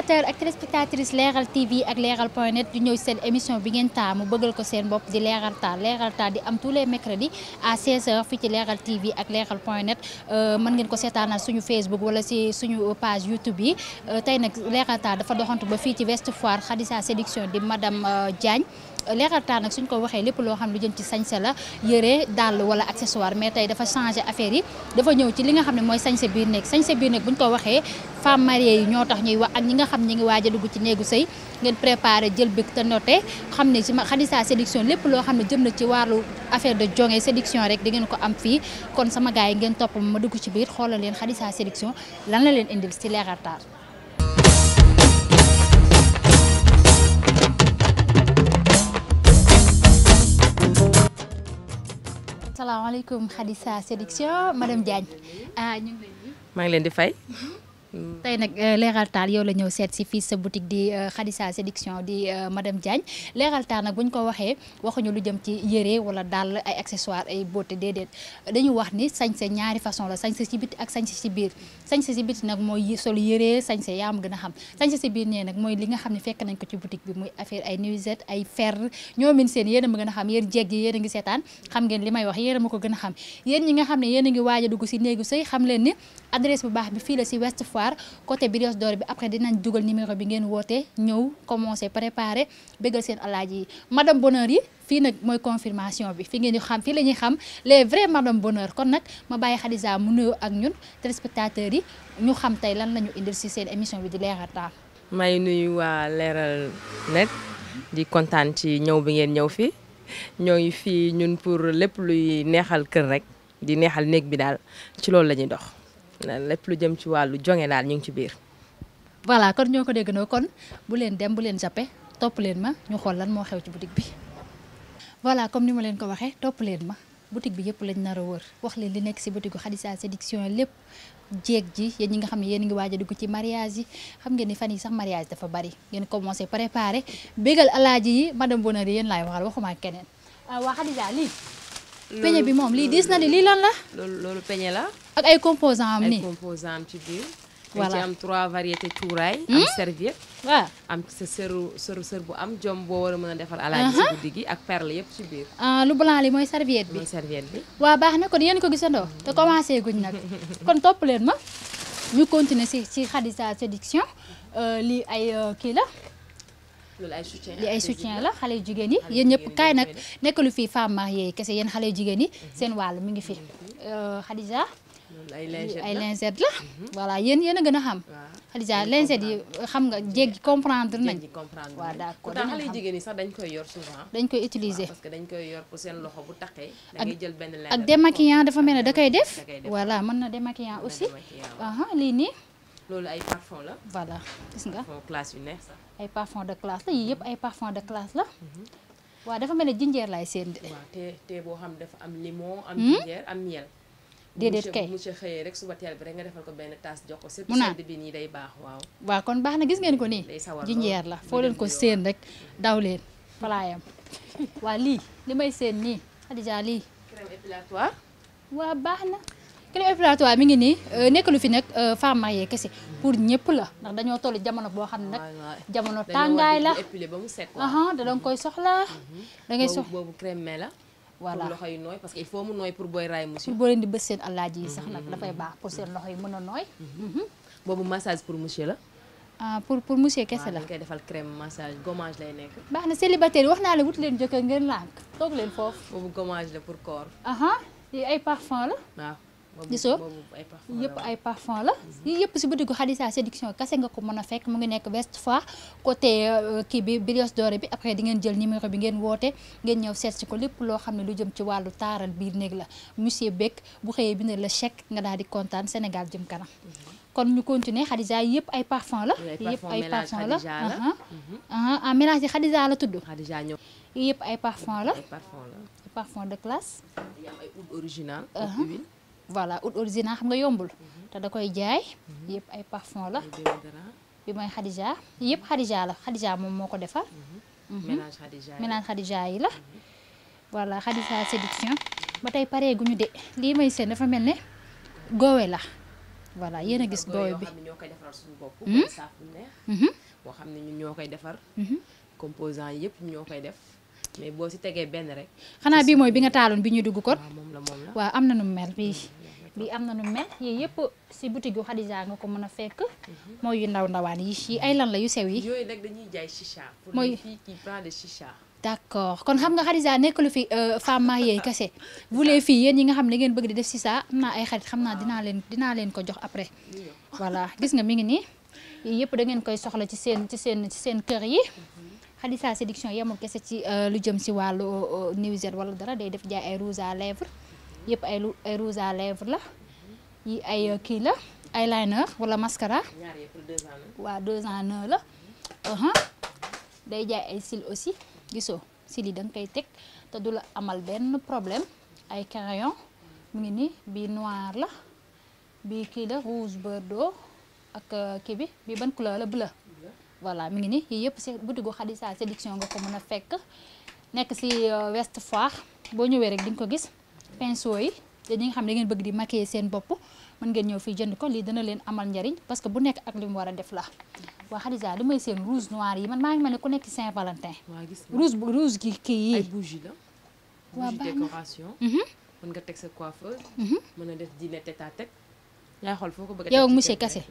téléspectateur ak téléspectatrice leeral TV ak leeral point net du ñëw seen émission bi ngeen taamu bëggal ko seen bopp di leeral taal leeral taal di am tous les mercredis à 16 fii ci leeral TV ak leeral point net euh, mën ngeen ko seetaanal suñu Facebook wala si suñu page YouTube yi euh, tey nag leeral taal dafa doxantu ba fii ci West Foire Khadija séduction di madame euh, Diagne. leeral taa nag suñ ko waxee lépp loo xam lu jëm ci sañse la yëre dàll wala accessoire mais tey dafa changé affaire yi dafa ñëw ci li nga xam ne mooy sañse biir néeg sañse biir néeg buñ ko waxee femme mariée yi tax ñuy wax ak ñi nga xam ñi ngi waaj a dugg ci néegu sëy ngeen préparé jël big te noté xam ne ci xadisa séduction lépp loo xam ne jëm na ci wàllu affaire de jonge séduction rek di ngeen ko am fii kon sama gars yi ngeen topp ma dugg ci biir xoolal leen Khadija séduction lan la leen indil ci leeral salaamaaleykum Khadija Séduction madame Diagne ah ñu ngi leen di. maa ngi leen di fay. Mhm. tey nag euh, leeral taal yow la ñëw seet si fii sa boutique di euh, Khadija séduction di euh, madame Diagne leeral taal nag bu ñu waxee waxuñu lu jëm ci yére wala daal ay accessoires ay beauté déedéet dañu wax ni sañ sañse ñaari façon la sañ sañse si biti ak sañse si biir sañse si biti nag mooy sol yére sañse yaa ma gën a xam sañse si biir nee nag mooy li nga xam ne fekk nañ ko ci boutique bi muy affaire ay nuisette ay fer ñoo min seen yéen a ma gën a xam yéen jeeg yi yéen ngi seetaan xam ngeen wax yéen a a nga xam ne yéen a ngi waaj a dugg si néegu xam leen foire côté Brioche d'Or bi après dinañ dugal numéro bi ngeen woote ñëw commencé préparer bëggal seen alaaji yi madame bonheur yi fii nag mooy confirmation bi fi ngeen di xam fii la ñuy xam les vrais madame bonheur kon nag ma bàyyi Khadija mu nuyoo ak ñun téléspectateurs yi ñu xam tey lan la ñu indil si seen émission bi di leeral taal. may nuyu waa leeral net di kontaan ci ñëw bi ngeen ñëw fii ñoo ngi fii ñun pour lépp luy neexal kër rek di neexal néeg bi daal ci loolu la ñuy dox. lépp lu jëm ci wàllu jonge daal ñu ngi ci biir. voilà kon ñoo ko déggandoo kon bu leen dem bu leen jàppe topp leen ma ñu xool lan moo xew ci boutique bi. voilà comme ni ma leen ko waxee topp leen ma boutique bi yëpp lañ nar a wër wax leen li nekk si boutique Khadija séduction lépp jéeg ji yéen ñi nga xam ne yéen ngi waaj a ci mariage yi xam ngeen ni fan yi sax mariage dafa bari ngeen commencé préparé bégal alaaji yi madame Bonari yéen laay waxal waxuma ak keneen. Ah, waa Khadija lii. bi moom lii diis na di lii la. loolu loolu la. ak ay composant am nii ay composants am ci biir. voilà dañ ci am trois variétés am hmm? serviette. waaw am sa bu am jom boo wara a mën a defal alaaji si uh-huh. guddi gi ak perle yëpp ci biir. Ah, lu blanc li mooy serviette bi mooy bi. waaw baax na kon yéen ko gisandoo. Hmm. te commencé guñ nag kon topp leen ma ñu continuer si si Khadija séduction euh, lii ay euh, kii la. loolu ay soutien la li ay soutien la xale yu jigéen yi yéen ñëpp kaay nag nekkalu fii femme mariée kese yéen xale yu jigéen yi hmm. seen wàll mi ngi fi euh, Khadija. ay lingettes la mhm. voilà yéen yéen a gën a xam Xadija lingettes yi xam nga jéggi comprendre nañ waaw d'accord xale yu jigéen dañ koy yor souvent dañ koy utiliser parce que dañ koy yor pour da ngay ak démaquillant dafa mel ne da koy def voilà mën na démaquillant aussi lii nii loolu ay parfum la voilà nga classe yu neex sax ay parfum de classe la yii yëpp ay parfum de classe la mhm. waaw dafa mel ne jinjeer seen de te boo xam dafa am limon am hmm? jinjeer am miel déedéet kay monsieur rek suba teel bi rek nga defal ko benn taas jox ko surtout sedd bi nii waaw waa kon baax na gis ngeen ko nii jinjeer la fooleen leen ko seen rek daw leen falaayam waa lii li may séen nii Xadija lii crème waa baax na crème épilatoire mi ngi nii euh, nekkalu fi nag euh, femme mariée kese pour ñëpp la ndax dañoo toll jamono boo xam ne nag jamono tàngaay la da danga koy soxla mhm. da ngay soxla boobu crème la voilà pour loxo yi nooy parce que il faut mu nooy pour booy raay monsieur. pour boo leen di bës seen alaaji yi sax nag mhm. dafay baax pour seen loxo yi mën a nooy. Mhm. boobu massage pour monsieur la. ah pour pour monsieur kese la waaw koy defal crème massage gommage lay nekk. baax na célibataire yi wax naa la wut leen jëkkër ngeen lànk toog leen foofu. boobu gommage la pour corps. lii ay parfum la waaw. gisoo yëpp ay parfum la mhm. yii yëpp si boutique Khadija séduction kase nga ko mën a fekk mu ngi nekk West Foire côté euh, kii bi Brioche Dorée bi après di ngeen jël numéro bi ngeen woote ngeen ñëw seet si ko lépp loo xam ne lu jëm ci wàllu taaral biir néeg la monsieur Beck bu xëyee bind la chèque nga daal di kontaan Sénégal jëm kanam mhm. kon ñu continuer Khadija yëpp ay parfum la yëpp ay parfum la en mélange yi Khadija la tudd yëpp ay parfum la parfum de classe am ay oud original huile voilà ut original xam nga yombul te da koy jaay yëpp ay parfum la bi mooy Khadija yëpp Khadija la Khadija moom moo ko defar mhm. Mhm. mélange Khadija yi la mhm. voilà Khadija séduction ba tey paree gu ñu de lii may seen dafa mel ne goowe la voilà yéen a gis goowe bi ñoo xam ne ñun koy defar composant yëpp ñoo koy def mais boo si tegee benn rek. xanaa bi mooy bi nga taaloon bi ñuy dugg kon. waa am na nu mel bii. bii am na nu mel yii yëpp si boutique yu nga ko mën a fekk. Mhm. mooy yu ndaw ndawaan yi yi ay lan la yu sew yi. yooyu nag dañuy jaay chicha. mooy fii de chicha. d'accord kon xam nga Khadija nekkalu fi euh, femme mariée kese bu lee fii yéen yi nga xam ne ngeen bëgg di def si saa am naa ay xarit xam naa dinaa leen dinaa leen ko jox après voilà gis nga mi ngi nii yii yëpp da ngeen koy soxla ci seen ci seen ci seen kër yi mhm. Khadija séduction yemul kese ci euh, lu jëm si wàllu euh, nuisette wala dara day def jaay ay rouge à lèvres yëpp ay ay rouge à lèvres la yi ay euh, kii la eyeliner wala mascara. ñaar yëpp deux ans la. waaw la. day jaay ay cils aussi gisoo cils yi da nga teg te du la amal benn problème ay crayon mu ngi ni bii noir la bii kii la rouge bordeaux ak kii bi bii ban couleur la bleu. voilà mi ngi ni yii yëpp si boutique Khady Sarr séduction nga ko mën a fekk nekk si euh, West Foire boo ñëwee rek di ko gis pinceau yi te ñi nga xam ne ngeen bëgg di maquiller seen bopp mën ngeen ñëw fii jënd ko lii dana leen amal njariñ parce que bu nekk ak li mu war a def la waa Khady li may seen rouge noir yi man maa ngi ma ne ku nekk Saint Valentin rouge rouge gi kii yi ay bougie la waa baax mhm. mën nga teg sa coiffeuse mhm. mën a def dîner tête à tête yaa xool foo ko bëgg a yow monsieur Kassé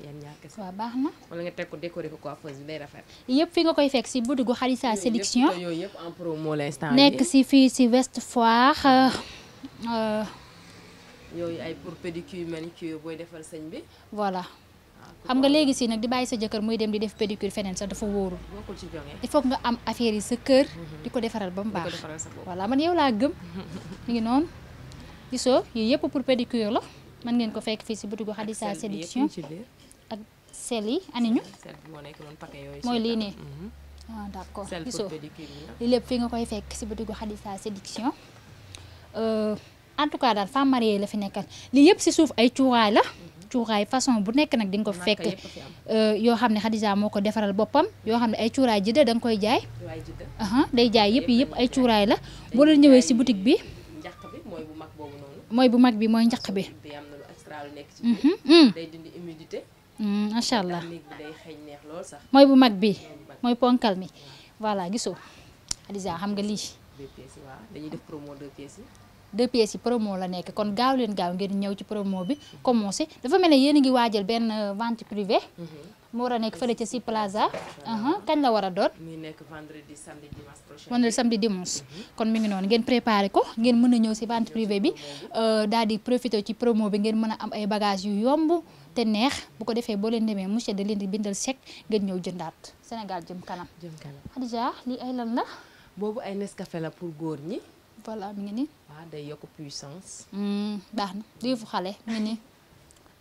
waaw baax na wala nga teg ko décorer ko coiffeuse bi day rafet yëpp fi nga koy fekk si boutique Khalissa sélection yooyu yëpp en promo l'instant nekk si fii si West Foire euh, euh, yooyu ay pour pédicure manicure booy defal sëñ bi voilà ah, xam nga léegi si nag di bàyyi sa jëkkër muy dem di def pédicure feneen sax dafa wóorul il faut nga am affaire yi sa kër mhm. di ko defaral ba mu baax voilà man yow laa gëm mi ngi noonu gisoo yooyu yëpp pour pédicure la mën ngeen ko fekk fii si butigu Khadija séduction ak sel yi ani ñu mooy lii ne mhm. ah d' accord gisoo li lépp fi nga koy fekk si butigu Khadija séduction euh, en tout cas daal femme mariée la fi nekkal lii yëpp si suuf ay cuuraay la mhm. cuuraay façon bu nekk nag di nga ko fekk euh, yoo xam ne Khadija moo ko defaral boppam yoo xam ne ay cuuraay jidda da koy jaay day jaay yëpp yëpp ay cuuraay la boo leen ñëwee si boutique bi mooy bu mag bi mooy njaq bi nekk ci mhm, biir. Mhm. day mhm, macha allah néeg bi day lool sax. mooy bu mag bi mooy ponkal mi voilà gisoo Adja xam nga lii. deux pièces yi waaw dañuy def promo deux pièces yi. deux pièces yi la nekk kon gaaw leen gaaw ngeen ñëw ci promo bi commencé dafa mel ne yéen a ngi waajal benn vente privée. moo war a nekk fële ca si plaza. kañ la war a doon. muy nekk vendredi samedi dimanche prochain. vendredi samedi dimanche. Mhm. kon mi ngi noonu ngeen préparé ko ngeen mën a ñëw si vente privée bi euh, daal di profité ci promo bi ngeen mën a am ay bagages yu yomb te neex bu ko defee boo leen demee monsieur da leen di bindal chèque ngeen ñëw jëndaat Sénégal jëm kanam. jëm kanam Khadija lii ay la. boobu ay Nescafé la pour góor ñi. voilà mi ngi nii. waaw yokk puissance. Hmm, baax na lii fu xale mi ngi nii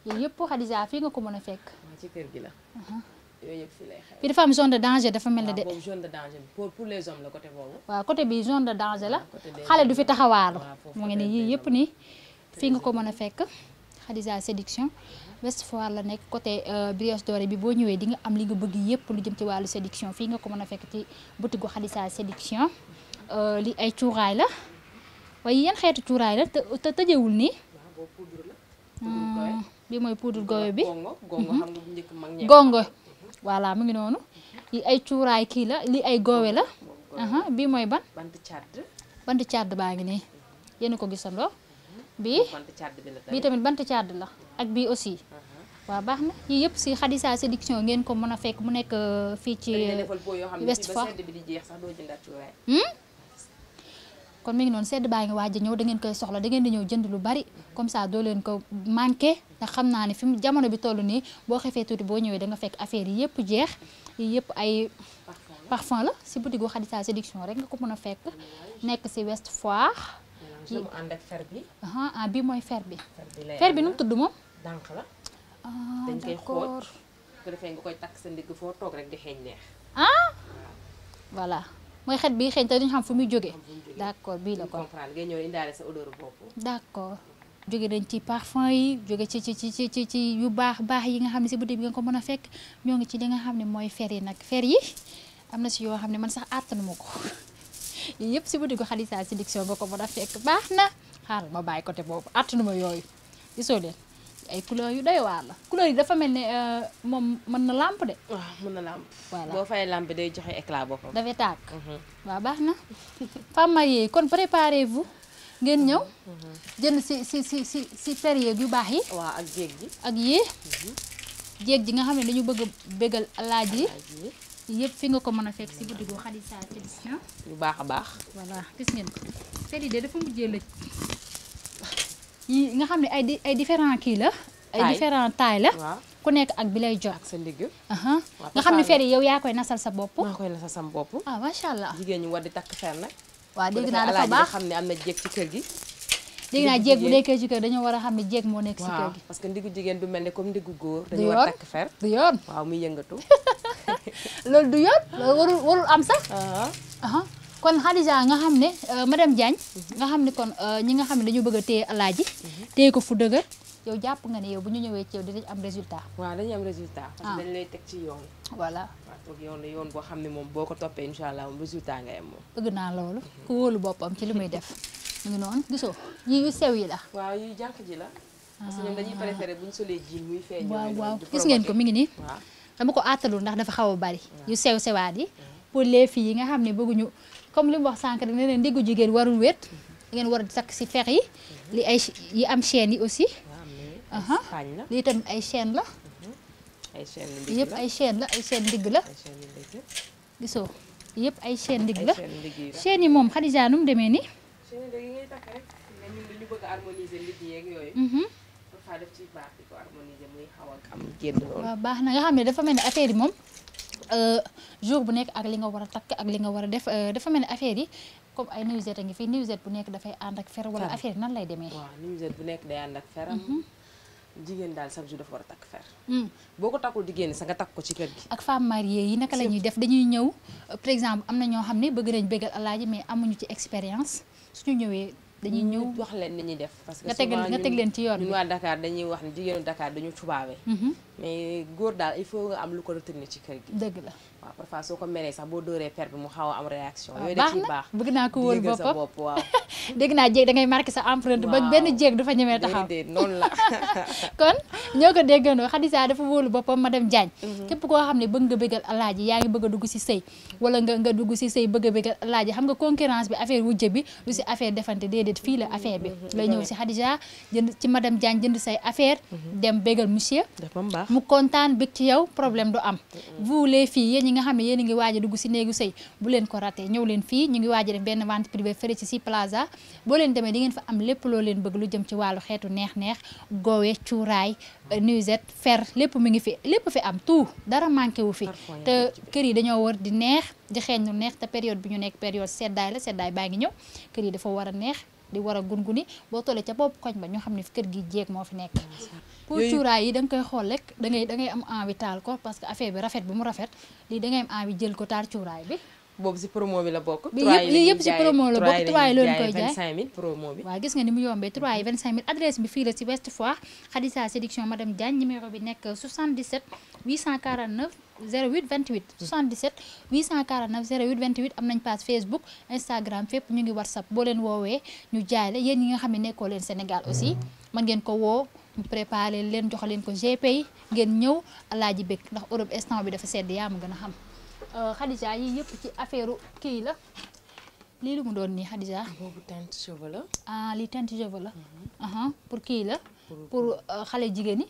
yooyu yëpp Khadija fii nga ko mën a fekk. ci kër uh-huh. fi lay am zone de danger dafa mel ni de. boobu zone de danger pour pour les hommes la côté boobu. waaw côté bi zone de danger la. xale du fi taxawaalu. mu ngi nii yii yëpp nii fii nga ko mën a fekk. Khadija séduction Ouest uh-huh. Foire la nekk coté euh, Brioche Dorée bi boo ñëwee di nga am li nga bëgg yëpp lu jëm ci wàllu séduction fii nga ko mën a fekk ci boutique gu Khadija séduction euh, li ay cuuraay la waaye yan xeetu cuuraay la te tëjewul nii. bi mooy poudre goyo bi gongo mhm. mhm. voilà mu ngi noonu li ay cuuraay kii la li ay goowe la bii mooy ban bant càdd baa ngi nii yéen ko gisandoo mhm. bii bii tamit bant càdd la ak bii aussi waaw baax na yii yëpp si Khadija séduction ngeen ko mën a fekk mu nekk euh, fii ci West Foire kon mi ngi noonu sedd baa ngi waaj a ñëw dangeen ngeen koy soxla da ngeen di ñëw jënd lu bari comme ça doo leen ko manqué ndax xam naa ne fi mu jamono bi toll nii boo xefee tuuti boo ñëwee da nga fekk affaire yi jeex yi yëpp ay parfum la si boutique gu Khadija séduction rek nga ko mën a fekk nekk si West Foire ci ànd bi ah bii mooy fer bi fer bi nu mu tudd moom dànq la ah, dañ koy xooj bu defee koy takk sa ndigg toog rek di xeeñ neex ah mooy xet bi xeeñ te duñ xam fu muy jógee d'accord bii la ko ngay ñëw indaale sa odeur bopp d'accord jóge dañ ci parfum yi jóge ci ci ci ci ci yu baax baax yi nga xam ne si boutique bi nga ko mën a fekk ñoo ngi ci li nga xam ne mooy fer yi nag fer yi am na si yoo xam ne man sax àttanuma ko yii yëpp si boutique Khady Sall Séduction nga ko mën a fekk baax na xaaral ma bàyyi côté boobu àttanuma yooyu gisoo leen ay couleur yu doy waar la couleur yi dafa mel ne euh, moom mën na làmp de. waaw mën na làmp. voilà boo fay làmp day joxe éclat boppam. dafay tàkk. Mhm. waaw baax na. femmes yi kon préparez-vous ngeen ñëw. Mhm. jënd si si si si si période yu baax yi. waaw ak jéeg ji ak yii. Mhm. jéeg ji nga xam ne dañu bëgg a bégal laaj yi. yëpp fi nga ko mën a fekk si boutique bu Khadija Tradition. Ah. yu baax a baax. voilà gis ngeen ko. seli de dafa mujjee lëj. yi nga xam ne ay ay différent kii la. ay différent taille la. ku nekk ak bi lay jox. ak sa ndigg. nga xam ne fer yi yow yaa koy nasal sa bopp. maa koy nasal sa bopp. ah macha allah jigéen ñi war di takk fer nag. waaw dégg naa dafa baax xam ne am na jéeg ci kër gi. dégg naa jéeg bu nekkee ci kër dañoo war a xam ne jéeg moo nekk ci kër gi. parce que ndiggu jigéen du mel ne comme ndiggu góor. du yoon dañu war takk fer du yoon waaw muy yëngatu. loolu du yoon loolu warul warul am sax. kon Khadija nga xam ne euh, madame Diagne nga xam ne kon euh, ñi nga xam ne dañu bëgg a téye alaaji mhm. téye ko fu dëgër yow jàpp nga ne yow bu ñu ñëwee ci yow di am résultat waaw dañuy am résultat parce que ah. dañ teg ci yoon voilà waaw toog yoon la yoon boo xam ne moom boo ko toppee incha allah moom résultat ngay am bëgg naa loolu ku wóolu boppam ci li muy def mu ngi noonu gisoo yi yu yi la waaw yu ji la parce que ñoom dañuy ah. préféré bu ñu solee jiin muy feeñ gis ngeen ko mi ngi nii dama ko àttalul ndax dafa xaw a bari yu sew sewaat yi pour les yi nga xam ne bëgguñu comme li mu wax sànq rek ne leen ndiggu jigéen warul wéet ngeen war sàkk takk si fer yi li ay yi am chaîne yi aussi lii tamit ay chaîne la yëpp ay chaine la ay chaîne ndigg la gisoo yëpp ay chaîne ndigg la chaîne yi moom Khadija nu demee ni waaw baax na nga xam ne dafa mel ni affaire yi moom Euh, jour bu nekk ak li nga war a takk ak li nga war a def euh, dafa mel ni affaire yi comme ay nuisette a ngi fi nuisette bu nekk dafay ànd ak fer wala affaire yi nan lay demee. waaw nuisette bu nekk day ànd ak feram. Mhm. jigéen daal chaque jour dafa war a fer. Mm. boo ko takkul jigéen sa nga takk ko ci kër gi. ak femme mariée yi naka la ñuy def dañuy ñëw par exemple am na ñoo xam ne bëgg nañ bëggal alaaji mais amuñu ci expérience suñu ñëwee. dañuy mm-hmm. ñëw wax leen li ñuy def. parce que souvent nga teg leen ci yoon bi waa Dakar dañuy wax ne jigéenu Dakar dañu tubaabe. Mm-hmm. mais góor daal il faut nga am lu ko retenir ci kër gi. dëgg la waaw parfois soo ko a am réaction. Ah, yooyu da ciy baax bëgg naa ko sa empreinte ba benn jéeg du fa ñemee taxaw déedéet mhm. koo xam ne bëgg nga bëggal alaaji yaa ngi bëgg a dugg si sëy wala nga nga dugg si sëy bëgg a bëggal alaaji xam nga concurrence bi affaire wujje bi lu si affaire defante déedéet fii la mhm, affaire bi. Mhm, la ñëw si Khadija jënd ci madame Diagne jënd say affaire dem bëggal monsieur mu kontaan bëgg ci yow problème du am vous les filles nga xam ne yéen a ngi waaja dugg si néegu sëy bu leen ko raté ñëw leen fii ñu ngi waaj a def benn vente privée fële ci si plaza boo leen demee di ngeen fa am lépp loo leen bëgg lu jëm ci wàllu xeetu neex-neex goowe cuuraay nuisette fer lépp mu ngi fi lépp fi am tout dara manqué wu fi te kër yi dañoo war di neex di xeeñ lu neex te période bi ñu nekk période seddaay la seddaay baa ngi ñëw kër yi dafa war a neex di war a gunguni boo tollee ca bopp koñ ba ñu xam ne kër gi jéeg moo fi nekk pour cuuraay yi da nga koy xool rek da ngay da ngay am envie taal ko parce que affaire bi rafet bi mu rafet lii da am envie jël ko taal cuuraay bi boobu si promo bi la bokk. lii yëpp si promo la bokk 3 yi la promo bi. waaw gis nga ni mu yombee 3 yi 25000 adresse bi fii la si West Foire Khadija séduction madame Diagne numéro bi nekk 77 849 08 28 77 849 08 28 am nañ page Facebook Instagram fépp ñu ngi ñu préparé leen jox leen ko GPI ngeen ñëw ji bëgg ndax Europe instant bi dafa sedd yaa ma gën a xam euh, Khadija yi yëpp ci affaire kii la lii lu mu doon nii Khadija. boobu teinte cheveux ah, lii teinte cheveux la. Mhm. pour kii la. pour euh, xale jigéen ñi.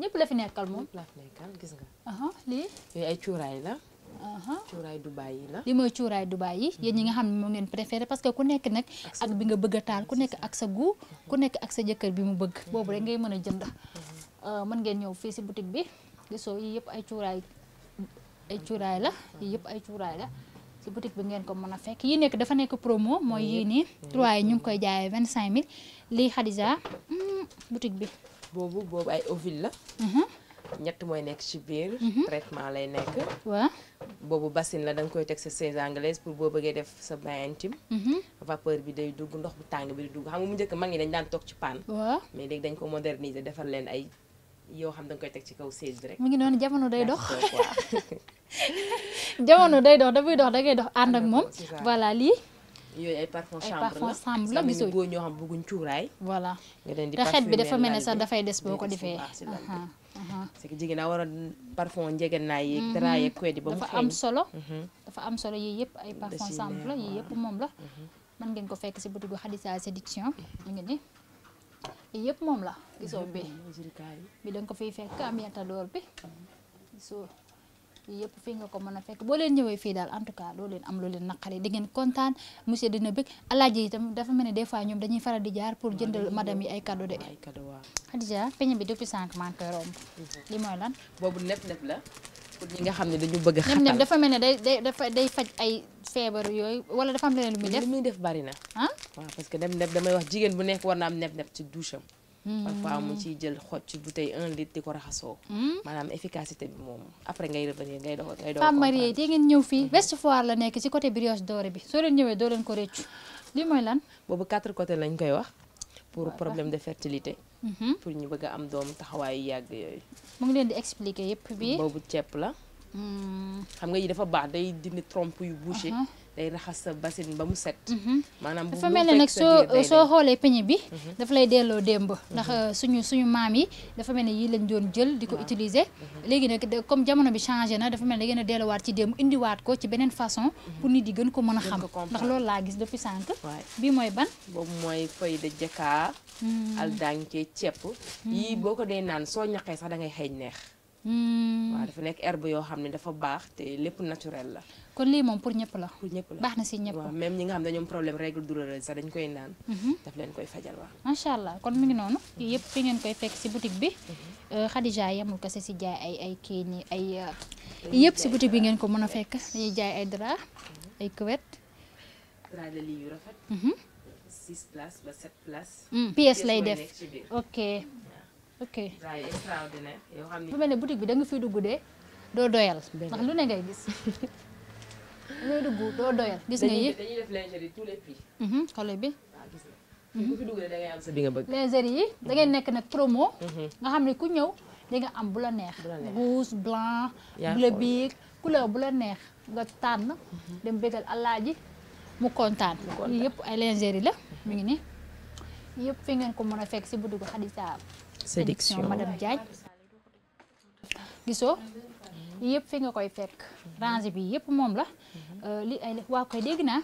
ñëpp la fi nekkal moom. la lii. yooyu ay cuuraay la. Uh-huh. cuuraay Dubaay yi la. li mooy cuuraay Dubaay yi yéen ñi nga xam ne moom ngeen préféré parce que ku nekk nag ak bi nga bëgg a taal ku nekk ak sa goût uh-huh. ku nekk ak sa jëkkër bi mu bëgg uh-huh. boobu rek ngay mën a jënd uh, mën ngeen ñëw fii si boutique bi gisoo yi yëpp ay cuuraay cuuraay la yi yëpp ay cuuraay la ci boutique bi ngeen ko mën a fekk yi nekk dafa nekk promo mooy yii nii yi ñu ngi koy jaayee vingt cinq mille lii Khadija mm, boutique bi boobu boobu ay ovule la ñett mooy nekk ci biir traitement lay nekk waaw boobu bassine la da koy teg sa chaise anglaise pour boo bëggee def sa bain intime. Mhm. bi day dugg ndox bu tàng bi di dugg xam nga mu njëkk mag ñi dañ daan toog ci paan. waaw mais léegi dañ ko moderniser defar leen ay yoo xam da koy teg ci kaw chaise bi rek. mu ngi noonu jamono day dox jamono day dox dafay dox dangay dox ànd ak moom. voilà lii. yooyu ay parfum chambre la gisoo boo ñoo xam bëgguñ cuuraay. voilà nga leen di parfum xet bi dafa mel ne sax dafay des boo ko defee. parce uh-huh. que jigéen daa war a parfum njegen naa yeeg mm-hmm. dara yeeg kuwet yi am solo mm-hmm. dafa am solo yii yëpp ay parfum sample la yëpp moom la man mm-hmm. ngeen ko fekk si boutique Khadija séduction mu ngi ni yii yëpp moom la gisoo bi bi da ko fiy fekk am yatadoor bi gisoo yëpp fii nga ko mën a fekk boo leen ñëwee fii daal en tout cas doo leen am loo leen naqari di ngeen kontaan monsieur dina bëgg alaaji itam mel ne des fois ñoom dañuy faral di jaar pour jëndal madame yi ay cadeau de Khadija peñe bi depuis cinq man koy romb mhm. li mooy lan boobu nepp nepp la pour nga xam ne dañu bëgg xatal nepp nepp dafa mel ne day day dafa day faj ay feebar yooyu wala dafa am leneen lu muy def lu muy def bari na ah waaw parce que nepp nepp damay wax jigéen bu nekk war na am nepp nepp ci douche am parfois mu hmm. ciy jël xoj ci bouteille un litre di ko raxasoo. Hmm. maanaam efficacité bi moom après ngay revenir ngay doog ngay doog. Femme mariée dee ngeen ñëw fii Ouest hmm. Foire la nekk ci côté brioche dorée bi soo leen ñëwee doo leen ko réccu lii mooy lan. boobu quatre côté lañ koy wax. pour problème de fertilité. pour ñu bëgg a am doom taxawaayu yàgg yooyu. mu ngi leen di expliquer yëpp bi boobu ceeb la. xam nga yi dafa baax day dindi trompe yu bouché. Uh-huh. day raxas sa basin ba mu set. Mhm. maanaam dafa mel na nag soo soo xoolee peñe bi. Mhm. dafa lay delloo démb. ndax mhm. euh, suñu suñu maam yi dafa mel ne yii lañ doon jël di ko utiliser. léegi nag comme jamono bi changé na dafa mel ne da ngeen a ci démb indiwaat ko ci beneen façon. pour nit yi gën ko mën a xam ndax loolu laa gis depuis sànq. bii mooy ban. boobu mooy feuille de jaka. Hmm. aldanke ceeb. Hmm. yii boo ko dee naan soo ñaqee sax da ngay xeeñ neex. Hmm. waaw dafa nekk herbe yoo xam ne dafa baax te lépp naturel la. kon lii moom pour ñëpp la. baax na si ñëpp. waaw même ñi nga xam ne ñoom problème règle douloureuse sax dañ koy naan. Mhm. daf leen fajal waaw. macha allah kon mi ngi noonu. yëpp fi ngeen koy fekk si boutique bi. Mhm. Euh, Khadija yemul kese si jaay ay ay kii nii ay. Euh, yëpp si boutique bi ngeen ko mën a fekk dañuy jaay ay dra mhm. ay couette. dra de lii yu rafet. 6 places ba 7 mm, lay def ok ok. dra yi extraordinaire yoo xam ne. bu mel ne boutique bi da fi fiy dugg de doo doyal. ndax lu ne ngay gis. looy dugg doo doyal gis lingerie mhm, bi. ku fi dugalee sa bi nga bëgg. lingerie yi da ngay nekk nag promo. Mhm. nga xam ne ku ñëw di nga am bu la neex. rouge blanc. bleu biig couleur bu la neex nga tànn. Mhm. dem bégal ji mu kontaan. yii yëpp ay lingerie la mu ngi ni yëpp fi ngeen ko mën a fekk si boutique Khadija séduction madame Diagne gisoo yëpp fi nga koy fekk range bi yëpp moom la. Euh, li ay def waa koy dégg naa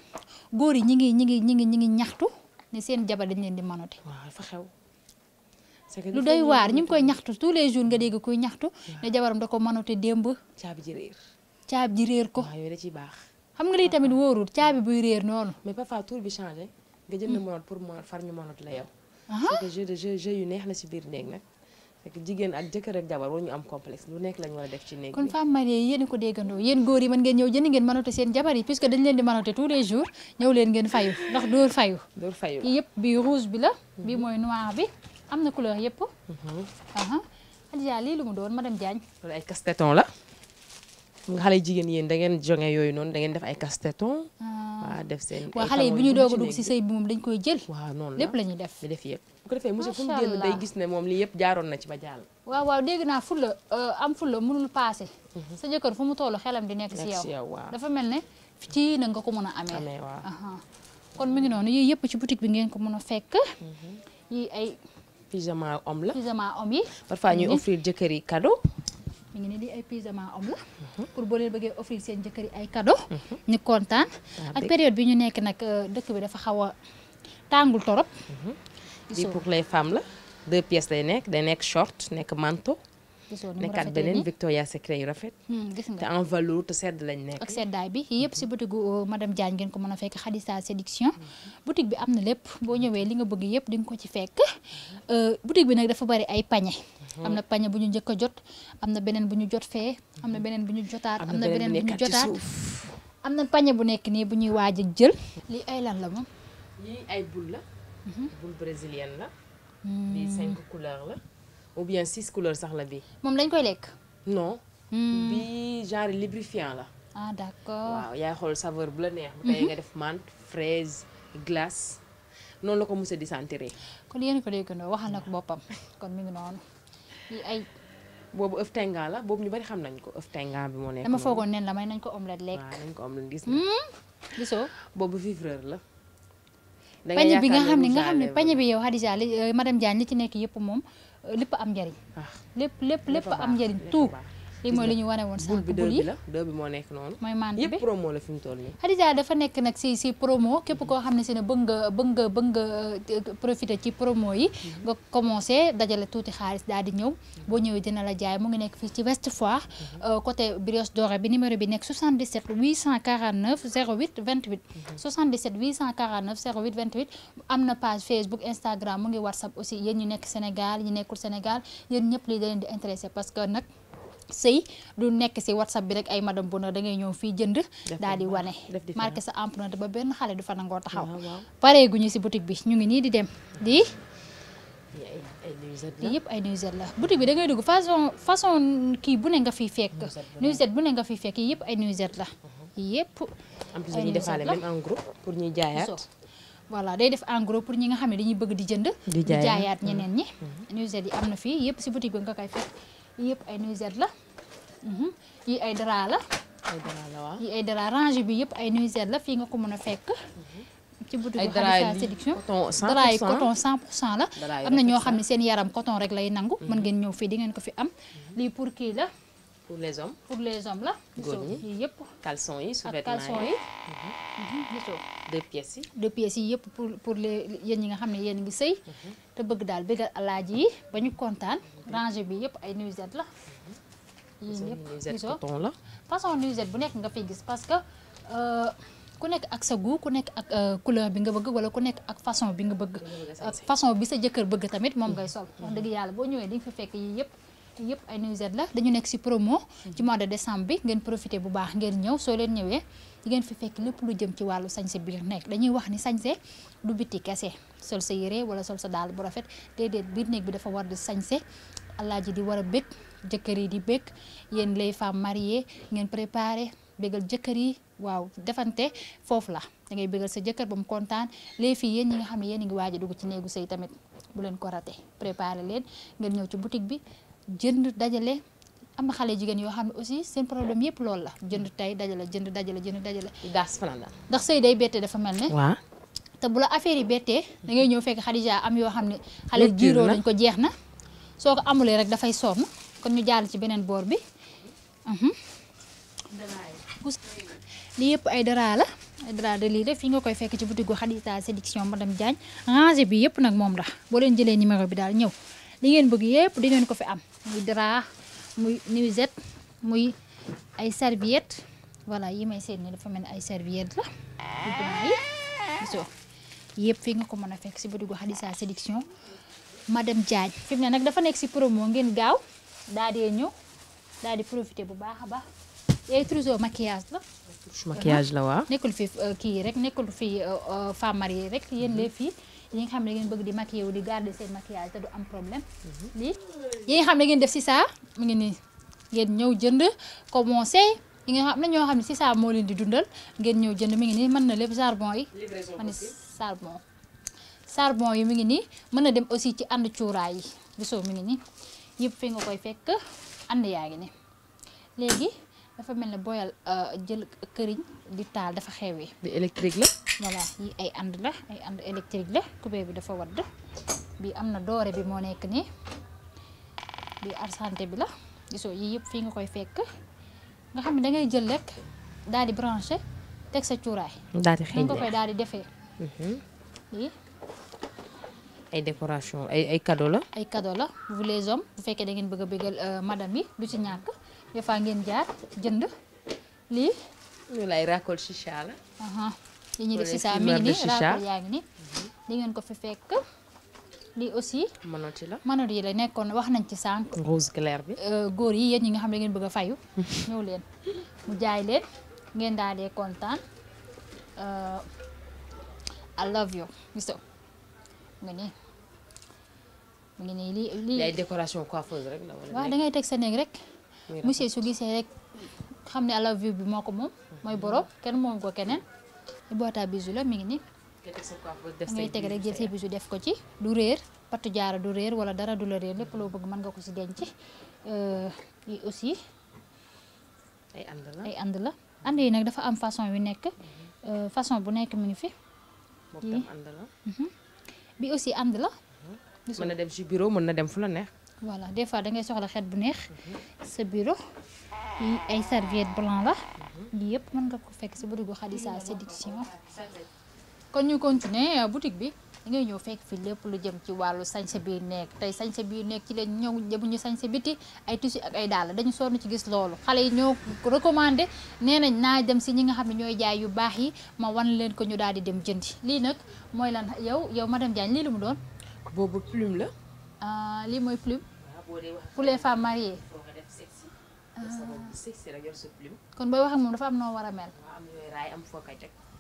góor yi ñi ngi ñi ngi ñi ngi ñi ngi ñaxtu ne seen jabar dañ leen di manote waaw fa xew lu doy waar ñu ngi koy ñaxtu tous les jours nga dégg kuy ñaxtu ne jabaram da ko manote démb caabi ji réer caabi ji réer ko da ciy baax xam nga lii tamit wóorul caabi buy réer noonu mais parfois tour bi changé nga jënd mm. manote pour far ñu manote la yow parce yu neex la si biir néeg nag fekk jigéen ak jëkkër ak jabar waruñu am complexe lu nekk lañ war a def ci néeg kon femme mariée yi yéen ko déggandoo yéen góor yi mën ngeen ñëw jënd ngeen manoté seen jabar yi puisque dañ leen di manoté tous les jours ñëw leen ngeen fayu ndax dóor fayu dóor fayu yëpp bi rouge bi la mhm. bi mooy noir bi am na couleur yëpp mhm. Adja lii lu mu doon madame Diagne loolu ay casse-téton la xale yi jigéen yéen da ngeen jonge yooyu noonu da ngeen def ay casteton ah. waa def xale yi bu ñuy doog dugg si sëy bi moom dañ koy jël waaw noonu lépp la ñuy def di def yëpp bu ko defee mu génn gis ne moom lii yëpp jaaroon na ci ba jàll waaw waaw dégg naa fulla euh, am fulla mënul passé mhm. sa jëkkër fu mu toll xelam di nekk si yow dafa mel ne ci na nga ko mën a amee kon mu ngi noonu yooyu yëpp ci boutique bi ngeen ko mën a fekk mhm. yi ay pyjama om la pyjama om yi parfois ñuy offrir jëkkër yi cadeau mi ngi ne lii ay pyjama homme la. pour boo leen bëggee offrir seen jëkkër yi ay cadeau. ñu kontaan ak période bi ñu nekk nag euh, dëkk bi dafa xaw a tàngul torop. Mhm. lii pour les femmes la deux pièces lay nekk day nekk short nekk manteau. nekkaat beneen Victoria Secret yu rafet. Hmm, gis te en velours te sedd lañ nekk. ak seddaay bi yëpp si boutique euh, ma dem Diagne ngeen ko mën a fekk Khadija séduction. Mhm. boutique bi am na lépp boo ñëwee li nga bëgg yëpp di nga ko ci fekk. Mhm. Euh, boutique bi nag dafa bari ay pañe. am na pañe bu ñu njëkk jot am na beneen bu ñu jot fee am na beneen bu ñu jotaat am na beneen bu ñu jotaat am na pañe bu nekk nii bu ñuy waaj jël lii ay lan la moom lii ay boule la mhm. boule brésilienne la hmm. bii cinq couleurs la ou bien six couleurs sax la bii moom dañ koy lekk non hmm. bii genre lubrifiant la ah d'accord waaw yaay xool saveur bu la neex bu tey nga mhm. def mant fraise glace noonu la ko monsieur di sentir kon yéen ko déggandoo waxal na ko boppam kon mi ngi noonu lii ay boobu ëf tenga la boobu ñu bari xam nañ ko ëf tenga bi moo nekk. dama foogoon nen la may nañ ko omelette lekk. waaw nañ ko omelette gis nga. Hmm? gisoo boobu vivreur la. da nga pañe bi nga xam ne nga xam ne pañe bi yow Khadija li euh, madame jaan li ci nekk yëpp moom lépp am njariñ. Ah. lépp lépp lépp am njariñ tout. lii mooy li ñu wane woon sax bul yi deux bi moo nekk noonu mooy mante bi yëpp promo la fi mu toll nii Khadija dafa nekk nag promo yi mhm. nga commencé dajale tuuti xaalis daal di ñëw boo ñëwee dina la jaay mu ngi nekk fii ci West Foire mhm. euh, côté Brioche Dorée bi numéro bi nekk 77 849 08 28 77 849 08 28 am na page Facebook Instagram mu ngi WhatsApp aussi yéen ñu nekk Sénégal ñu nekkul Sénégal yéen ñëpp lii da que nag sëy du nekk si whatsapp bi rek ay madame bonheur da ngay ñëw fii jënd daal di wane marqué sa empreinte ba benn xale du fa nangoo taxaw paree guñu si boutique bi ñu ngi nii di dem di lii yëpp ay nuisette la boutique bi da ngay dugg façon façon kii bu ne nga fiy fekk nuisette bu ne nga fiy fekk yii yëpp ay nuisette la mhm. yëpp en plus dañuy defaale même en groupe pour ñuy jaayaat voilà day def en pour ñi nga xam ne dañuy bëgg di jënd di jaayaat ñeneen ñi mhm. nuisette yi am na fii yëpp si boutique bi nga koy fekk yëpp ay nuisette la mhm. yi ay dara la yi ay dara rangé bi yëpp ay nuisette la fii nga ko mën a fekk mhm. ci boutique bi Khadija séduction dara yi coton 100 pour cent la am na ñoo xam ne seen yaram coton rek lay nangu mën mhm. ngeen ñëw fii di ngeen ko fi am lii pour kii la pour les hommes. pour les hommes la. góor ñi yëpp. caleçon yi sous-vêtements yi ak mhm. mhm, caleçon yi. deux pièces yi. yëpp pour pour les yéen ñi nga xam ne yéen ngi sëy. Mhm. te bëgg daal bëggal alaaji yi ba ñu kontaan. rangée bi yëpp ay nuisette la. yii yëpp nuisette coton la. façon nuisette bu nekk nga fiy gis parce que euh, ku nekk ak sa goût ku nekk ak euh, couleur bi nga bëgg wala ku nekk ak façon bi nga bëgg. façon bi sa jëkkër bëgg tamit moom ngay sol. wax dëgg yàlla boo ñëwee di fi fekk yii yëpp. yëpp ay nuisette la dañu nekk ci promo ci mois de décembre bi ngeen profité bu baax ngeen ñëw soo leen ñëwee di ngeen fi fekk lépp lu jëm ci wàllu sañse biir nekk dañuy wax ni sañse du biti kese sol sa yére wala sol sa daal bu rafet déedéet biir néeg bi dafa war di sañse allah ji di war a bëgg jëkkër yi di bëgg yéen les femmes mariées ngeen préparé bégal jëkkër yi waaw defante foofu la da ngay bégal sa jëkkër ba mu kontaan les filles yéen ñi nga xam ne yéen a ngi waaj a dugg ci néegu sëy tamit bu leen ko raté préparé ci boutique bi jënd dajale am na xale jigéen yoo xam ne aussi seen problème yëpp loolu la jënd tey dajale jënd dajale jënd dajale. daas fanaan la ndax sëy day bette dafa mel ne. waaw te bu la affaire yi bettee da ngay ñëw fekk Khadija am yoo xam ne. xale jiiroo dañ ko jeex na. soo ko amulee rek dafay sonn kon ñu jàll ci beneen boor bi. Mhm. lii yëpp ay dara la ay de lii def fii nga koy fekk ci boutique gu Khadija séduction dem Diagne rangé bi yëpp nag moom la boo leen jëlee numéro bi daal ñëw li ngeen bëgg yëpp di ngeen ko fi am. muy drap muy nuisette muy ay serviette voilà yi may seet ni dafa mel ni ay serviette la yi yëpp fi nga ko mën a fekk si boutique Khadija sélection madame Diagne fi mu ne nag dafa nekk si promo ngeen gaaw daal di ñëw daal di profité bu baax a baax yooyu trousseau maquillage la. maquillage la nekkul fi euh, kii rek nekkul fi euh, euh, femme mariée rek yéen les filles yi nga xam ne ngeen bëgg di maquiller wu di garder seen maquillage te du am problème mhm. lii yi nga xam ne ngeen def si saa mu ngi nii ngeen ñëw jënd commencé yi nga xam ne ñoo xam ne si saa moo leen di dundal ngeen ñëw jënd mi ngi nii mën na lépp charbon yi ma ne charbon charbon yi mi ngi nii mën na dem aussi ci ànd cuuraay yi gisoo mi ngi nii yëpp fi nga koy fekk ànd yaa ngi nii léegi dafa mel ne booyal euh, jël këriñ di taal dafa xewee bi électrique la voilà yi ay ànd la ay ànd électrique la coupé bi dafa wadd bi am na doore bi moo nekk nii bi arsante bi la gisoo yii yëpp fii nga koy fekk nga xam ne dangay jël rek daal di branché teg sa cuuraay. daal di xëy nga koy daal di defee. lii. Mhm. ay décoration ay ay cadeau la. ay cadeau la vous les hommes bu fekkee da ngeen bëgg a bëggal euh, madame bi du ci ñàkk des fois ngeen jaar jënd lii. ñu lay récolte chicha la. li ñuy def chicha mi ngi nii raakool yaa ngi nii di ngeen ko fi fekk lii aussi manotti la manotti yi la nekkoon wax nañ ci sànq rose clair bi euh, góor yi yéen ñi nga xam ne ngeen bëgg a ñëw leen mu jaay leen ngeen daal kontaan euh, I love you mu ngi nii lii ay décoration coiffeuse rek la wala waaw teg sa néeg rek monsieur su gisee rek xam ne I love you bi moo ko moom mooy borom kenn moom ko keneen boota bisu la mi ngi ni ngay teg rek jël say bisu def ko ci du réer pattu jaara du réer wala dara du la réer lépp loo bëgg mën nga ko si denc euh, i aussi ay ànd la ànd la ànd yi nag dafa am façon yu nekk mhm. euh, façon bu nekk mi ngi fi mhm. bi aussi ànd la mhm. mën na dem si bureau mën na dem fu la neex voilà des fois da soxla xet bu neex sa bureau yi ay serviette blanc la mhm. lii yëpp mën nga ko fekk si boutique bu Khadija kon ñu continuer euh, boutique bi da ngay ñëw fekk fi lépp lu jëm ci wàllu sañse biir nekk tey sañse biir nekk ci leen ñëw jëm ñu sañse biti ay tissu ak ay dàll dañu sonn ci gis loolu xale yi ñoo recommandé nee nañ naa dem si ñi nga xam ne ñooy jaay yu baax yi ma wan leen ko ñu daal di dem jëndi lii nag mooy lan yow yow ma Diagne lii mu doon boobu plume la Ah, lii mooy plume. Ah, pour les femmes mariées. Ah. kon booy wax ak moom dafa am noo war a mel.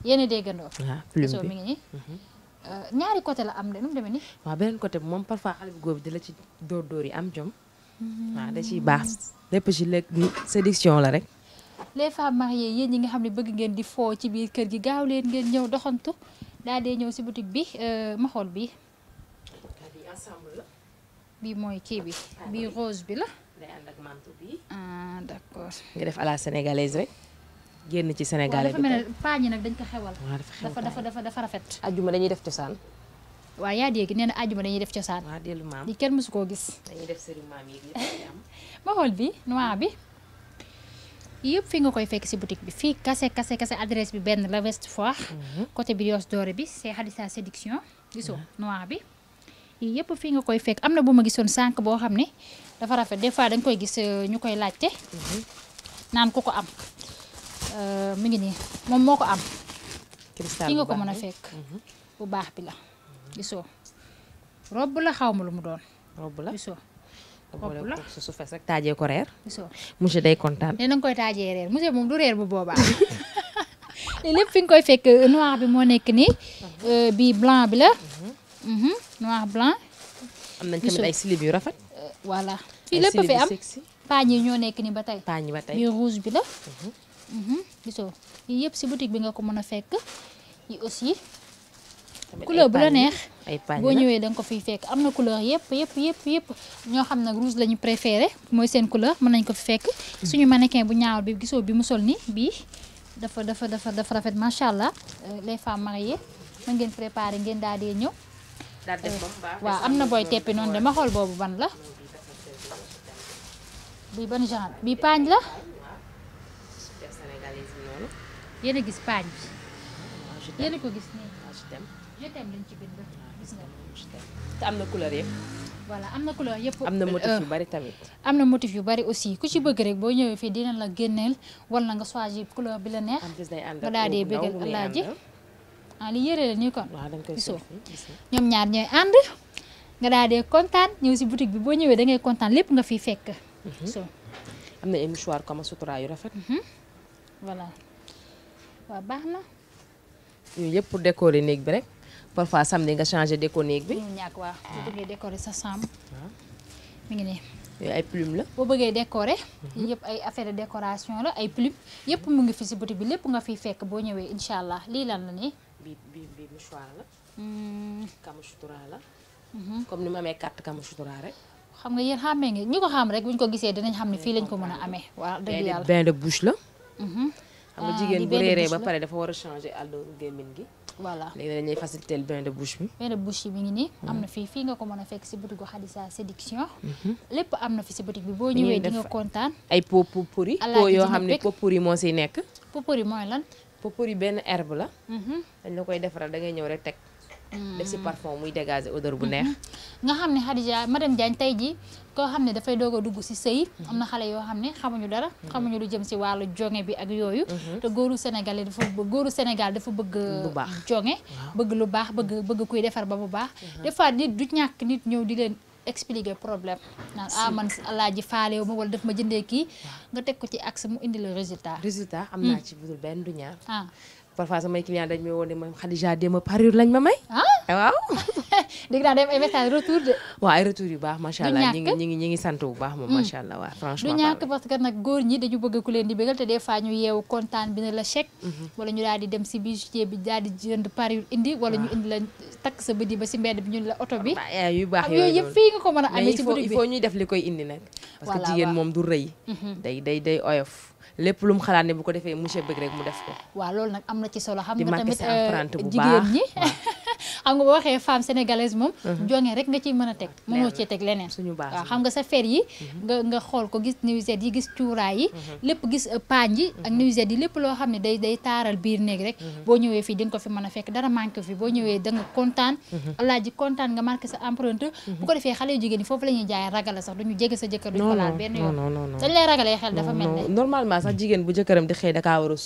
yéen a déggandoo. waaw plume bi mi ngi nii. Mhm. ñaari côté la am de nu mu nii. waaw beneen côté bi moom parfois xale bu góor bi dala ci dóor dóor yi am jom. waaw hmm. da ci baax lépp ci lekk séduction la rek. les femmes mariées yéen ñi nga xam ne bëgg ngeen di foo ci biir kër gi gaaw leen ngeen ñëw doxantu daal dee ñëw si boutique bi euh, ma xool bi. ensemble la. bi mooy kii bi ah, bi rose bi la. day ànd ak manteau bi. ah d'accord. nga def à la rek. génn ci sénégalais bi dafa paa nag dañ ko xewal. dafa dafa dafa dafa rafet. ajjuma dañuy def cosaan. waaw yaa dégg nee na dañuy def cosaan. waaw dellu maam li kenn mësu koo gis. dañuy def sëriñ maam yi bi noir bi yëpp fi nga koy fekk si boutique bi fii kase kase kase adresse bi benn la West Foire. Mhm. côté bi Yoos Doore bi c'est Hadissa Séduction. gisoo mhm. noir bi. yii fii nga koy fekk am na bu ma gisoon sànq boo xam ne dafa rafet des fois dañ koy gis euh, ñu koy laajte mhm. naan ku ko am euh, mu ngi nii moom moo ko am fii a fekk mhm. bu baax bi la gisoo robb la xaw ma lu mu doon robb la gisoo la su suufees rek taajee ko reer gisoo monsieur day kontaan ne nanga koy taajee reer monsieur moom du reer bu boobaa lépp fi nga koy fekk euh, noir bi moo nekk ni mhm. bii blanc bi la Mhm. noir blanc. am nañ ay slip yu rafet. Euh, voilà fii lépp fi am yi ñoo nekk ni ba tey. paañ ba tey bii rouge bi la. Mhm. Mhm. gisoo yii yëpp si boutique bi nga ko mën a fekk yi aussi. couleur bu la neex boo ñëwee da ko fiy fekk am na couleur yëpp yëpp yëpp yëpp ñoo xam nag rouge la ñu préféré mooy seen couleur mën nañ ko fi fekk suñu mannequin bu ñaawal bi gisoo bi mu sol ni bii dafa dafa dafa dafa rafet macha allah euh, les femmes mariées mën ngeen préparé ngeen daal di ñëw daal baax waaw am na booy teppi noonu dama xool boobu ban la bi ban genre bi paañ la yéen a gis paañ bi ah, yéen ko gis nii ah, je ci bind am na couleur yëpp voilà am na couleur yëpp am na euh, motif yu bari tamit am na motif yu bari aussi ku ci bëgg rek boo ñëwee fii dina la génneel wala nga choisir couleur bi la neex nga daal dee bëggal alaaji ah li yére la kon. waaw dañ koy sol ñoom ñaar ñooy ànd nga daal dee kontaan ñëw si boutique bi boo ñëwee dangay kontaan lépp nga fiy fekk. Mhm. so am na ay mouchoir kama yu rafet. Mhm. voilà baax na. yooyu yëpp pour décorer néeg bi rek parfois samedi nga changé déco néeg bi. mu ñàkk waa boo bëggee décorer sa chambre. waaw ngi ne ay plum la. boo bëggee décorer. Mhm. yëpp ay affaire de décoration la ay plume yëpp mu ngi fi si boutique bi lépp nga fiy fekk boo ñëwee incha allah lii lan la nii. Hmm. Hmm. comme ni ma amee carte kamu sutura rek. xam nga yéen xàmmee ngeen ñu ko xam rek bu ñu ko gisee dinañ xam ne fii lañ ko mën a amee. waaw dëgg la. Hmm. xam nga ah, jigéen bu réeree ba pare dafa war a changer àllu gémmiñ a lépp am na fi si boutique bi boo ñëwee di kontaan. ay pot pot pourri. pot yoo xam ne pot pourri moo siy nekk. pot pourri mooy lan potpourri benn herbe la. Mhm. dañ la koy defaral da ngay ñëw rek teg. Mhm. def si parfum muy dégager odeur bu neex. Mhm. nga xam ne Khadija madame Diagne tey ji koo xam ne dafay doog a dugg si sëy am na xale yoo xam ne xamuñu dara. xamuñu lu jëm si wàllu jonge bi ak yooyu. te góoru Sénégal dafa góoru Sénégal dafa bëgg. lu baax jonge bëgg lu baax bëgg bëgg kuy defar ba bu baax. des fois nit du ñàkk nit ñëw di leen. expliquer problème naan ah man alaaji faalewu ma wala daf ma jëndee kii nga teg ko ci axe mu indi le résultat résultat am naa hmm. ci budul benn du ñaar ah parfois samay client dañ may woon ne ma Khadija démb parure lañ ma may ah. waaw. dégg naa dem ay message retour de. waaw ay retour yu baax macha allah ñu ngi ñu ngi ñu ngi sant bu baax moom mm. macha allah waaw franchement. du ñàkk parce que nag góor ñi dañu bëgg ku leen di bégal te des fois ñu yeewu kontaan bi ne la chèque. Mm-hmm. wala daal di dem si bijoutier bi daal di jënd parure indi. wala ñu indi la takk sa bët yi ba si mbedd bi ñu la oto bi. Ah, yu baax ah, yooyu yëpp fii nga ko mën a amee ci ñuy def li koy indi nag. parce que jigéen moom du rëy. Mm-hmm. day day day oyof. lépp lu mu xalaat ne bu ko defee monsieur bëgg rek mu def ko. waaw loolu nag am na ci solo xam nga tamit euh, jigéen ñi xam nga boo waxee femme sénégalaise moom mhm. jonge rek nga ci mën a teg mënoo cee teg leneen waaw xam nga sa fer yi mhm. nga nga xool ko gis nuisette yi gis cuuraay yi mhm. lépp gis euh, paañ yi ak nuisette yi lépp loo xam ne day day taaral biir néeg rek boo ñëwee fii di nga ko fi mën a fekk dara manqué fi boo ñëwee da kontaan laaj ji kontaan nga marqué sa empreinte bu ko defee xale yu jigéen yi foofu la ñuy jaay ragala sax duñu jege sa jëkkër duñu ko laal benn yoon dañ ragalee xel dafa mel ne normalement sax bu jëkkëram di xëy da kaa war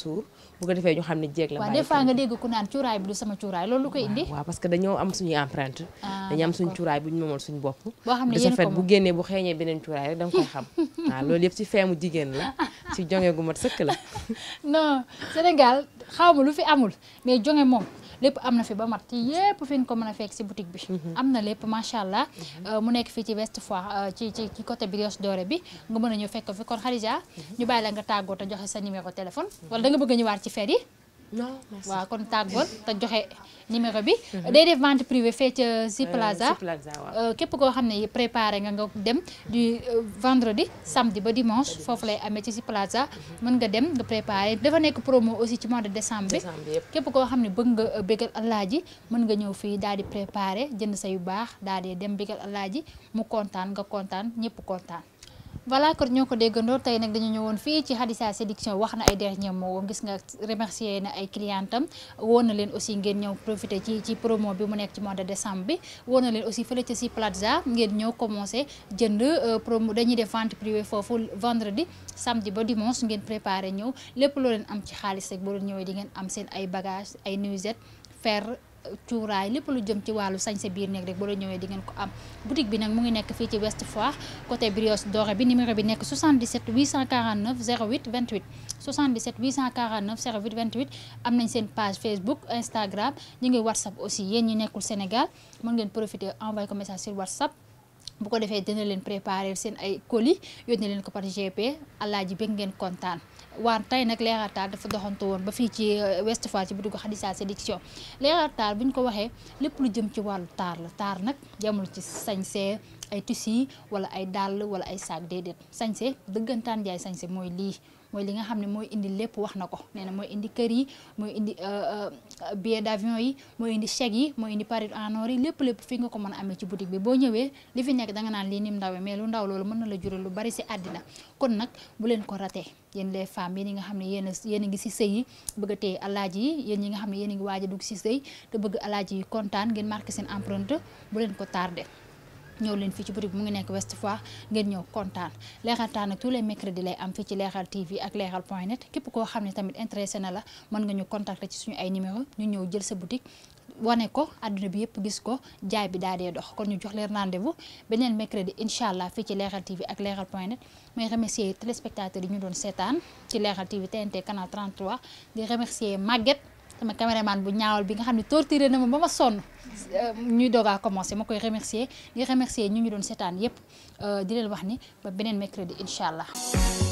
bu ko defee ñu xam ne jéeg la. waaw des fois nga dégg ku naan cuuraay bi du sama cuuraay loolu lu koy indi. waaw parce que dañoo am suñuy empreinte. Ah, dañu am suñ cuuraay bu ñu moomal suñu bopp. boo xam ne yéen ko bu génnee bu xeeñee beneen cuuraay rek koy xam. waaw loolu yëpp ci feemu jigéen la ci jonge gu mat sëkk la. non Sénégal xaw ma lu fi amul mais jonge moom lépp am na fi ba mat yépp fi ñu ko mën a fekk si boutique bi mhm. am na lépp macha allah mhm. euh, mu nekk fii ci West fois euh, ci ci ci côté Brioche Dorée bi nga mën a ñëw fekk fi kon Khadija mhm. ñu bàyyi la nga tàggoo te joxe sa numéro téléphone wala da nga bëgg a ñëwaat ci fête yi non merci waaw kon tàggoon te joxe numéro bi. Mhm. day def vente privée fee ca si euh, plaza. Euh, képp koo xam ne préparé nga nga dem du euh, vendredi samedi ba dimanche foofu lay amee ci si plaza. Mhm. mën nga dem nga préparé dafa nekk promo aussi ci mois de décembre bi. képp koo xam ne bëgg nga bégal alaaji mën nga ñëw fii daal di préparé jënd sa yu baax daal di dem bégal alaaji mu kontaan nga kontaan ñëpp kontaan. voilà kon ñoo ko déggandoo tey nag dañu ñëwoon fii ci Hadissa Séduction wax na ay dernier mot gis nga remercier na ay clientam woon na leen aussi ngeen ñëw profité ci ci promo bi mu nekk ci mois de décembre bi woon na leen aussi fële ci si Plaza ngeen ñëw commencé jënd euh, promo dañuy def vente privée foofu vendredi samedi ba dimanche ngeen préparé ñëw lépp loo am ci xaalis rek boo leen ñëwee di ngeen am seen ay bagage ay nuisettes fer cuuraay lépp lu jëm ci wàllu sañse biir néeg rek boo la ñëwee di ngeen ko am boutique bi nag mu ngi nekk fii ci West Foire côté Brioche Dorée bi numéro bi nekk 77 849 08 28 77 849 08 28 am nañ seen page Facebook Instagram ñu ngi WhatsApp aussi yéen ñi nekkul Sénégal mën ngeen profiter envoyé ko message sur WhatsApp bu ko defee dina leen préparer seen ay colis yónnee leen ko par GP ji bëgg ngeen kontaan. waan tey nag Leral Tall dafa doxantu woon ba fii ci Ouest euh, Foire ci bitigu Khadija Séduction Leral Tall bu ñu ko waxee lépp lu jëm ci wàllu taar la taar nag jamul ci sañse ay tissu wala ay dàll wala ay saag déedéet sañse dëggantaan jaay sañse mooy lii mooy li nga xam ne mooy indi lépp wax na ko nee na mooy indi kër yi mooy indi euh, euh, billet d'avion yi mooy indi chèque yi mooy indi paris en yi lépp lépp fi nga ko mën a amee ci boutique bi boo ñëwee li fi nekk da nga naan lii nim ndawe mais lu ndaw loolu mën na la jural lu bari si àddina kon nag bu leen ko ratee yéen les femmes yéen yi nga xam ne yéen a yéen a ngi si sëy yi bëgg a téye yi yéen ñi nga xam ne yéen a ngi waaj a dugg si sëy te bëgg alaaji yi kontaan ngeen marqué seen empreinte bu leen ko tardé ñëw leen fii ci boutique mu ngi nekk Ouest Foire ngeen ñëw kontaan leeral taan nag tous les mercredis lay am fii ci leeral TV ak leeral point net képp koo xam ne tamit intéressé na la mën nga ñu contacter ci suñu ay numéro ñu ñëw jël sa boutique wane ko àdduna bi yëpp gis ko jaay bi daal dee dox kon ñu jox leen rendez-vous beneen mercredi incha allah fii ci leeral TV ak leeral point net may remercier téléspectateurs yi ñu doon seetaan ci leeral TV TNT canal 33 di remercier sama caméraman bu ñaawal bi nga xam ne torturé na ma ba ma sonn euh, ñuy doog a ma koy remercier di remercier ñu ñu doon seetaan yépp euh, di leen wax ni ba beneen mercredi incha allah